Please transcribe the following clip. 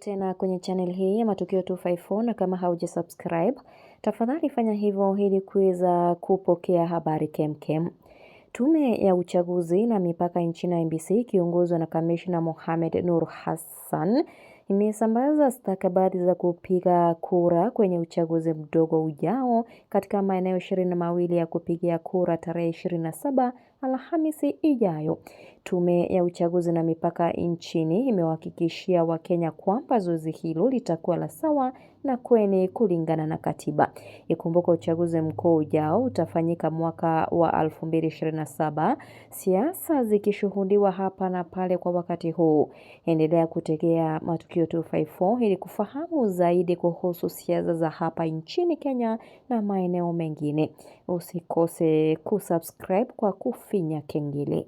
Tena kwenye channel hii ya Matukio 254 na kama hauja subscribe, tafadhali fanya hivyo ili kuweza kupokea habari kemkem. Tume ya Uchaguzi na Mipaka nchini IEBC ikiongozwa na Kamishna Mohamed Nur Hassan imesambaza stakabadhi za kupiga kura kwenye uchaguzi mdogo ujao katika maeneo ishirini na mawili ya kupigia kura tarehe ishirini na saba alhamisi ijayo. Tume ya uchaguzi na mipaka nchini imewahakikishia wakenya kwamba zoezi hilo litakuwa la sawa na kweni kulingana na katiba. ikumbuka uchaguzi mkuu ujao utafanyika mwaka wa 2027, Siasa zikishuhudiwa hapa na pale kwa wakati huu. Endelea kutegea matukio. Q254 ili kufahamu zaidi kuhusu siasa za hapa nchini Kenya na maeneo mengine. Usikose kusubscribe kwa kufinya kengele.